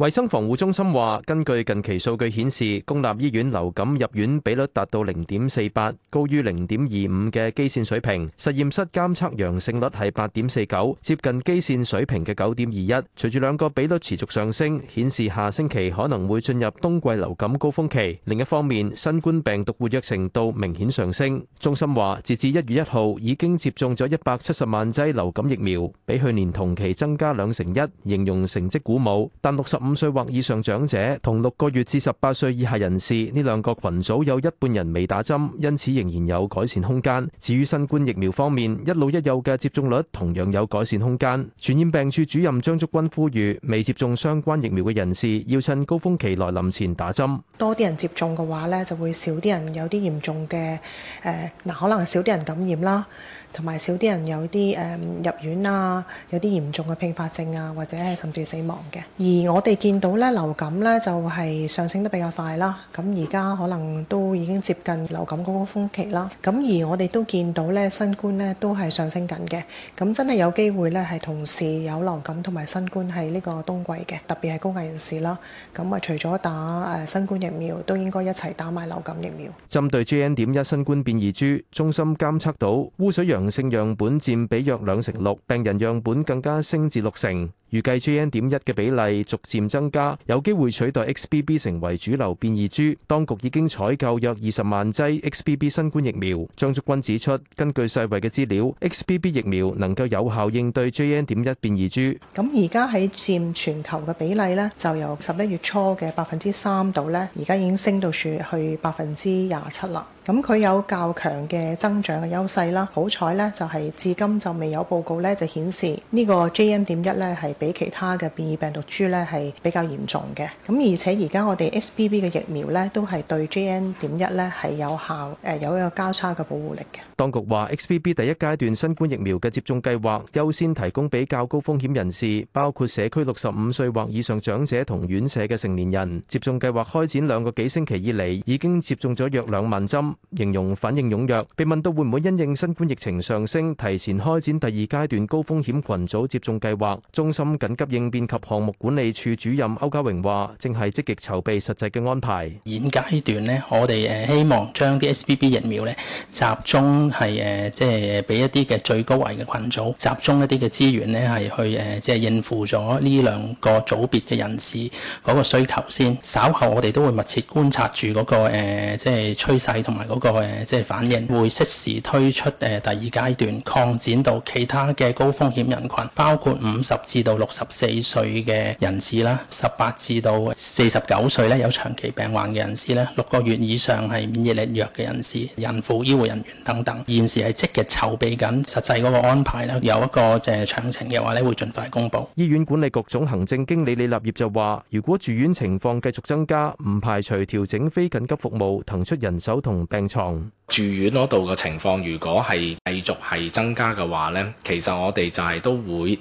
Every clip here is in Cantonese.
衛生防護中心話，根據近期數據顯示，公立醫院流感入院比率達到零點四八，高於零點二五嘅基線水平；實驗室監測陽性率係八點四九，接近基線水平嘅九點二一。隨住兩個比率持續上升，顯示下星期可能會進入冬季流感高峰期。另一方面，新冠病毒活躍程度明顯上升。中心話，截至一月一號，已經接種咗一百七十萬劑流感疫苗，比去年同期增加兩成一，形容成績鼓舞。但六十五。五歲或以上長者同六個月至十八歲以下人士，呢兩個群組有一半人未打針，因此仍然有改善空間。至於新冠疫苗方面，一老一幼嘅接種率同樣有改善空間。傳染病處主任張竹君呼籲，未接種相關疫苗嘅人士要趁高峰期來臨前打針。多啲人接種嘅話呢，就會少啲人有啲嚴重嘅，誒，嗱，可能少啲人感染啦，同埋少啲人有啲誒入院啊，有啲嚴重嘅併發症啊，或者係甚至死亡嘅。而我哋。見到咧流感咧就係上升得比較快啦，咁而家可能都已經接近流感高峰期啦。咁而我哋都見到咧新冠咧都係上升緊嘅，咁真係有機會咧係同時有流感同埋新冠喺呢個冬季嘅，特別係高危人士啦。咁啊，除咗打誒新冠疫苗，都應該一齊打埋流感疫苗。針對 JN 點一新冠變異株，中心監測到污水陽性樣本佔比約兩成六，病人樣本更加升至六成。預計 g n 點一嘅比例逐漸增加，有機會取代 XBB 成為主流變異株。當局已經採購約二十萬劑 XBB 新冠疫苗。張竹君指出，根據世衞嘅資料，XBB 疫苗能夠有效應對 g n 點一變異株。咁而家喺佔全球嘅比例呢，就由十一月初嘅百分之三度呢，而家已經升到處去百分之廿七啦。咁佢有較強嘅增長嘅優勢啦。好彩呢，就係至今就未有報告呢，就顯示呢個 g n 點一咧係。比其他嘅變異病毒株咧係比較嚴重嘅，咁而且而家我哋 XBB 嘅疫苗咧都係對 JN 點一咧係有效，誒有一個交叉嘅保護力嘅。當局話，XBB 第一階段新冠疫苗嘅接種計劃優先提供俾較高風險人士，包括社區六十五歲或以上長者同院舍嘅成年人。接種計劃開展兩個幾星期以嚟，已經接種咗約兩萬針，形容反應踴躍。被問到會唔會因應新冠疫情上升，提前開展第二階段高風險羣組接種計劃，中心。緊急應變及項目管理處主任歐家榮話，正係積極籌備實際嘅安排。現階段呢，我哋誒希望將啲 XBB 疫苗咧集中係誒即係俾一啲嘅最高危嘅群組集中一啲嘅資源咧係去誒即係應付咗呢兩個組別嘅人士嗰個需求先。稍後我哋都會密切觀察住嗰個誒即係趨勢同埋嗰個誒即係反應，會適時推出誒第二階段擴展到其他嘅高風險人群，包括五十至到。六十四歲嘅人士啦，十八至到四十九歲咧，有長期病患嘅人士咧，六個月以上係免疫力弱嘅人士、孕婦、醫護人員等等，現時係積極籌備緊實際嗰個安排咧，有一個誒詳情嘅話咧，會盡快公布。醫院管理局總行政經理李立業就話，如果住院情況繼續增加，唔排除調整非緊急服務，騰出人手同病床。住院嗰度嘅情況，如果係繼續係增加嘅話咧，其實我哋就係都會。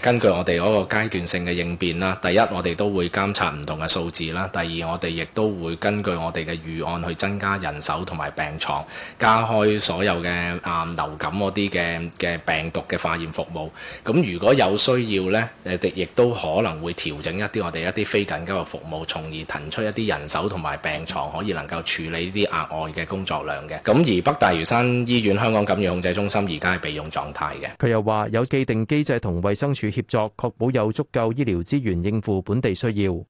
根據我哋嗰個階段性嘅應變啦，第一我哋都會監察唔同嘅數字啦，第二我哋亦都會根據我哋嘅預案去增加人手同埋病床，加開所有嘅啊、嗯、流感嗰啲嘅嘅病毒嘅化驗服務。咁、嗯、如果有需要呢，誒亦都可能會調整一啲我哋一啲非緊急嘅服務，從而騰出一啲人手同埋病床，可以能夠處理啲額外嘅工作量嘅。咁、嗯、而北大嶼山醫院香港感染控制中心而家係備用狀態嘅。佢又話有既定機制同衞生。相處協作，確保有足夠醫療資源應付本地需要。